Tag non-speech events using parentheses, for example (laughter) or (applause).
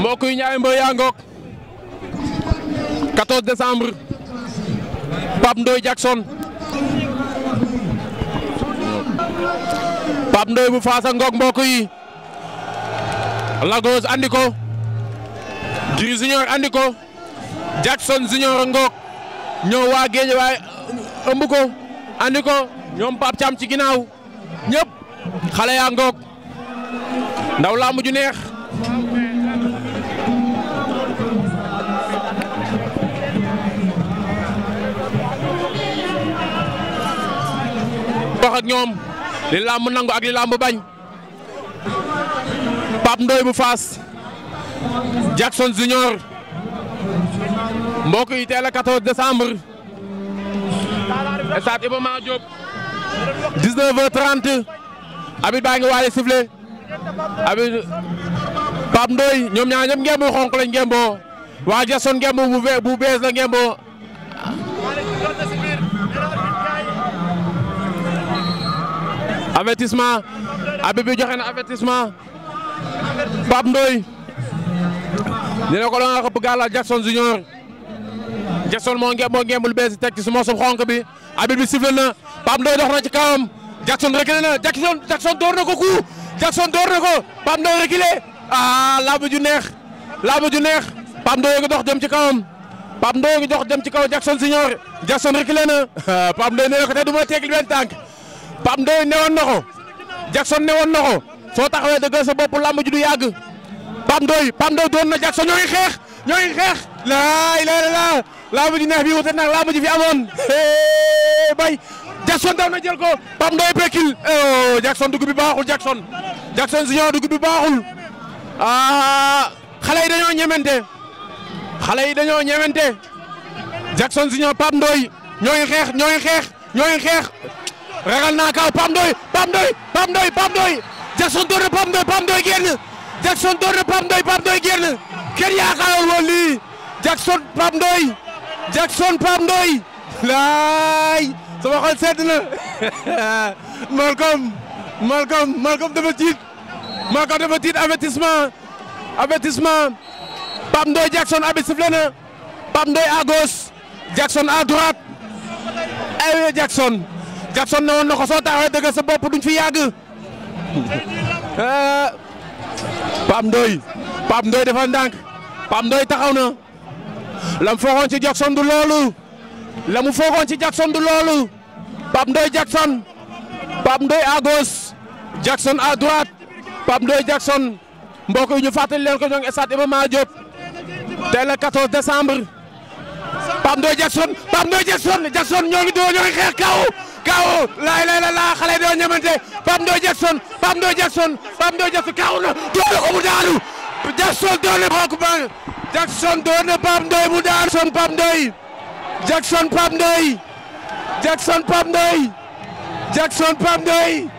mbokk yi ñaari mbër yaa ngoog 14 décembre Pape Ndoye Jackson Pape Ndoye bu Fass ak ngoog mbokk yi Lagos Junior andi Jackson Junior ngoog ñoo waa géej waaye euh, ëmb ko ñoom Pape Thiam ci ginnaaw ñëpp xale yaa ngoog ndaw laa mujj neex. wax ak ñoom li làmb nangu ak li làmb bañ Pape Ndoye bu Faas Jackson Junior mbokk yi teel a 14 décembre stade Iba Mar Diop 19h30 abit baa ngi waaye sifflé abit Pape Ndoye ñoom ñaar ñëpp ngemb xonq lañ ngemboo waa Jackson ngemb bu bees la ngemboo avertissement Habib bi joxe na avertissement Pape Ndoye dina ko doon xëpp gàllal Jackson Junior Jackson moo ngeem moo ngeemul bees teg ci su mosom xonk bi Habib bi sifflé na Pape Ndoye dox na ci kawam Jackson reculé na Jackson Jackson door na ko ku Jackson door na ko Pape Ndoye reculé ah laabu ju neex laabu ju neex Pape Ndoye ngi dox dem ci kawam Pape Ndoye ngi dox dem ci kaw Jackson Junior Jackson reculé na (laughs) Pape Ndoye nee na ko tey du ma tegil benn tànk Pape Ndoye newoon na ko Jackson newoon na ko soo taxawee dëggal sa bopp làmb ji du yàgg Pape Ndoye Pape Ndoye doon na Jackson ñoo ngi xeex ñoo ngi xeex laa ilaaha illallaah làmb ji neex bi wute nag làmb ji fi amoon bay Jackson daw na jël ko Pape Ndoye pekil oh Jackson dugub bi baaxul Jackson Jackson si ñoo dugub bi baaxul ah xale yi dañoo ñemente xale yi dañoo ñemente Jackson si ñoo Pape Ndoye ñoo xeex ñoo xeex ñoo xeex. ragal naa kaw Pape Ndoye Pape Ndoye Pape Ndoye Pape Ndoye Jackson door na Pape Ndoye Pape Ndoye génn Jackson door na Pape Ndoye Pape Ndoye Jackson Pape Ndoye Jackson Pape Ndoye laay sama xol sedd na (laughs) Malcom Malcom Malcom dafa tiit Malcom dafa tiit Jackson abi sifflé na Pape Ndoye à Jackson à droite aywa eh Jackson Jackson ne woon na ko soo taxawee dëgg sa bopp duñ fi yàgg (laughs) eh, Pape Ndoye Pape Ndoye dafa ndànk Pape Ndoye taxaw na lam foogoon ci Jackson du loolu la mu foogoon ci Jackson du loolu Pape Ndoye Jackson Pape Ndoye à gauche Jackson à droite Pape Ndoye Jackson mbokk yi ñu fàttali leen ko ñoo ngi stade Iba Mar Diop tey le Pape Ndoye Jackson Pape Ndoye Jackson Jackson ñoo ngi doo ñoo ngi xeex kaw kaw laay laay la laa doo ñamante Pape Ndoye Jackson Pape Ndoye Jackson Pape Ndoye Jackson doo na ko mu mu daanu Jackson Pape Ndoye Jackson Pape Ndoye